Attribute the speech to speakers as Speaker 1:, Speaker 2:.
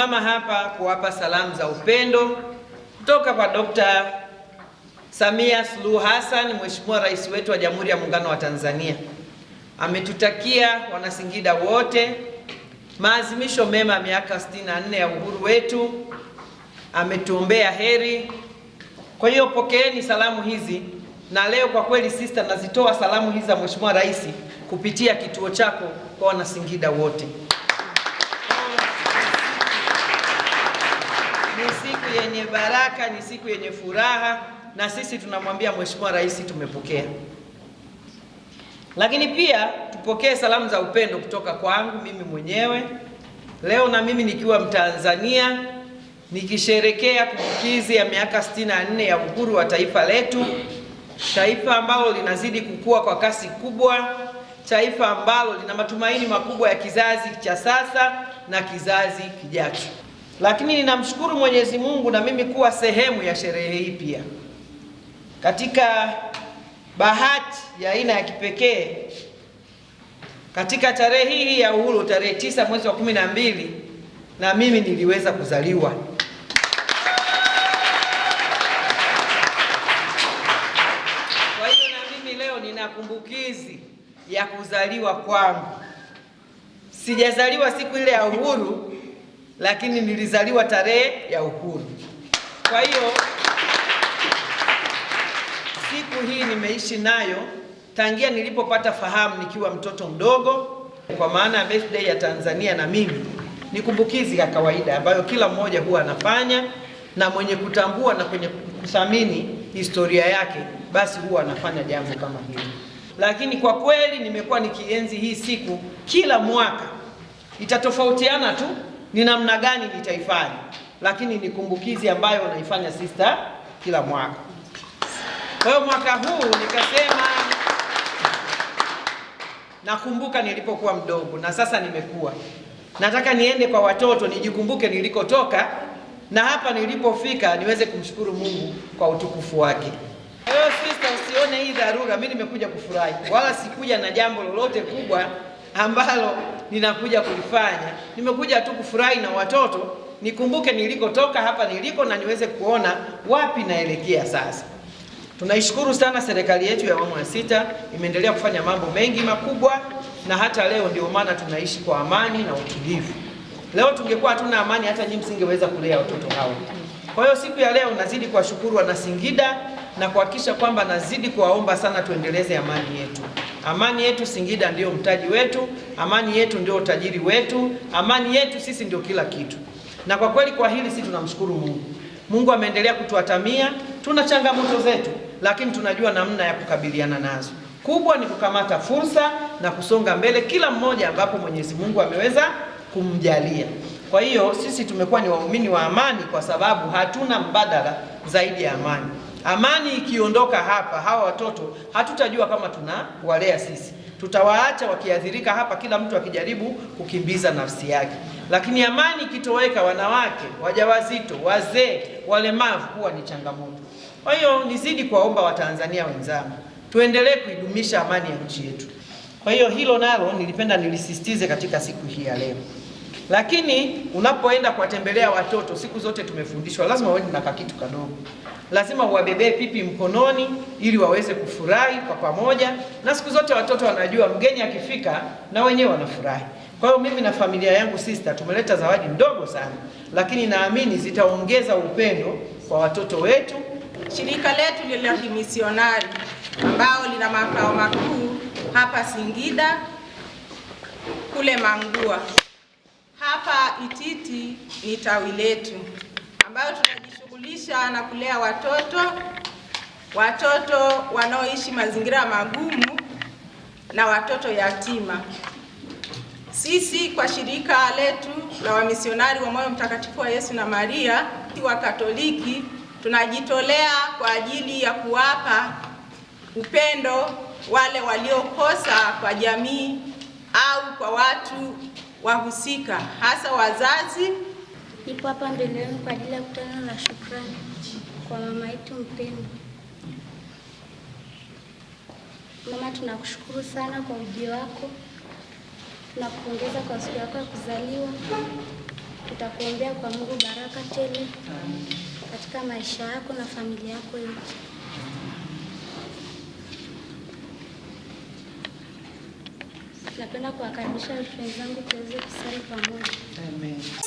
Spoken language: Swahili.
Speaker 1: Nimesimama hapa kuwapa salamu za upendo kutoka kwa Dr. Samia Suluhu Hassan, Mheshimiwa Rais wetu wa Jamhuri ya Muungano wa Tanzania. Ametutakia Wanasingida wote maazimisho mema ya miaka 64 ya uhuru wetu, ametuombea heri. Kwa hiyo pokeeni salamu hizi, na leo kwa kweli sister, nazitoa salamu hizi za Mheshimiwa Rais kupitia kituo chako kwa Wanasingida wote. yenye baraka, ni siku yenye furaha, na sisi tunamwambia Mheshimiwa Rais tumepokea. Lakini pia tupokee salamu za upendo kutoka kwangu mimi mwenyewe leo, na mimi nikiwa Mtanzania nikisherekea kumbukizi ya miaka 64 ya uhuru wa taifa letu, taifa ambalo linazidi kukua kwa kasi kubwa, taifa ambalo lina matumaini makubwa ya kizazi cha sasa na kizazi kijacho. Lakini ninamshukuru Mwenyezi Mungu na mimi kuwa sehemu ya sherehe hii pia. Katika bahati ya aina ya kipekee, katika tarehe hii ya uhuru, tarehe tisa mwezi wa kumi na mbili, na mimi niliweza kuzaliwa. Kwa hiyo na mimi leo nina kumbukizi ya kuzaliwa kwangu. Sijazaliwa siku ile ya uhuru lakini nilizaliwa tarehe ya uhuru. Kwa hiyo siku hii nimeishi nayo tangia nilipopata fahamu nikiwa mtoto mdogo, kwa maana ya birthday ya Tanzania na mimi ni kumbukizi ya kawaida ambayo kila mmoja huwa anafanya, na mwenye kutambua na kwenye kuthamini historia yake basi huwa anafanya jambo kama hili. Lakini kwa kweli nimekuwa nikienzi hii siku kila mwaka, itatofautiana tu ni namna gani nitaifanya, lakini ni kumbukizi ambayo naifanya sista kila mwaka. Kwa hiyo mwaka huu nikasema nakumbuka nilipokuwa mdogo na sasa nimekuwa, nataka niende kwa watoto nijikumbuke nilikotoka na hapa nilipofika niweze kumshukuru Mungu kwa utukufu wake. Kwa hiyo sista, usione hii dharura, mimi nimekuja kufurahi, wala sikuja na jambo lolote kubwa ambalo ninakuja kuifanya. Nimekuja tu kufurahi na watoto, nikumbuke nilikotoka hapa niliko na niweze kuona wapi naelekea sasa. Tunaishukuru sana serikali yetu ya awamu ya sita, imeendelea kufanya mambo mengi makubwa, na hata leo ndio maana tunaishi kwa amani na utulivu. Leo tungekuwa hatuna amani, hata nyinyi msingeweza kulea watoto hao. Kwa hiyo siku ya leo nazidi kuwashukuru wana Singida na kuhakikisha kwamba nazidi kuwaomba sana tuendeleze amani yetu. Amani yetu Singida ndiyo mtaji wetu, amani yetu ndio utajiri wetu, amani yetu sisi ndio kila kitu. Na kwa kweli kwa hili sisi tunamshukuru Mungu. Mungu ameendelea kutuatamia, tuna changamoto zetu, lakini tunajua namna ya kukabiliana nazo. Kubwa ni kukamata fursa na kusonga mbele, kila mmoja ambapo Mwenyezi Mungu ameweza kumjalia. Kwa hiyo sisi tumekuwa ni waumini wa amani, kwa sababu hatuna mbadala zaidi ya amani. Amani ikiondoka hapa, hawa watoto hatutajua kama tunawalea sisi, tutawaacha wakiathirika hapa, kila mtu akijaribu kukimbiza nafsi yake. Lakini amani ikitoweka, wanawake wajawazito, wazee, walemavu huwa ni changamoto. Kwa hiyo nizidi kuwaomba Watanzania wenzangu, tuendelee kuidumisha amani ya nchi yetu. Kwa hiyo hilo nalo nilipenda nilisisitize katika siku hii ya leo. Lakini unapoenda kuwatembelea watoto, siku zote tumefundishwa lazima uende na kakitu kadogo, lazima uwabebee pipi mkononi ili waweze kufurahi kwa pamoja, na siku zote watoto wanajua mgeni akifika na wenyewe wanafurahi. Kwa hiyo mimi na familia yangu sister, tumeleta zawadi ndogo sana, lakini naamini zitaongeza upendo kwa watoto wetu.
Speaker 2: Shirika letu la kimisionari ambao lina makao makuu hapa Singida kule Mangua hapa Ititi ni tawi letu ambayo tunajishughulisha na kulea watoto watoto wanaoishi mazingira magumu na watoto yatima. Sisi kwa shirika letu la wamisionari wa Moyo Mtakatifu wa Yesu na Maria wa Katoliki tunajitolea kwa ajili ya kuwapa upendo wale waliokosa kwa jamii au kwa watu wahusika hasa wazazi.
Speaker 3: Nipo hapa mbele yenu kwa ajili ya kutana na shukrani kwa mama yetu mpendwa. Mama, tunakushukuru sana kwa ujio wako, tunakupongeza kwa siku yako ya kuzaliwa. Tutakuombea kwa Mungu baraka tele katika maisha yako na familia yako yote. Napenda kuwakaribisha wenzangu tuweze kusali pamoja. Amen.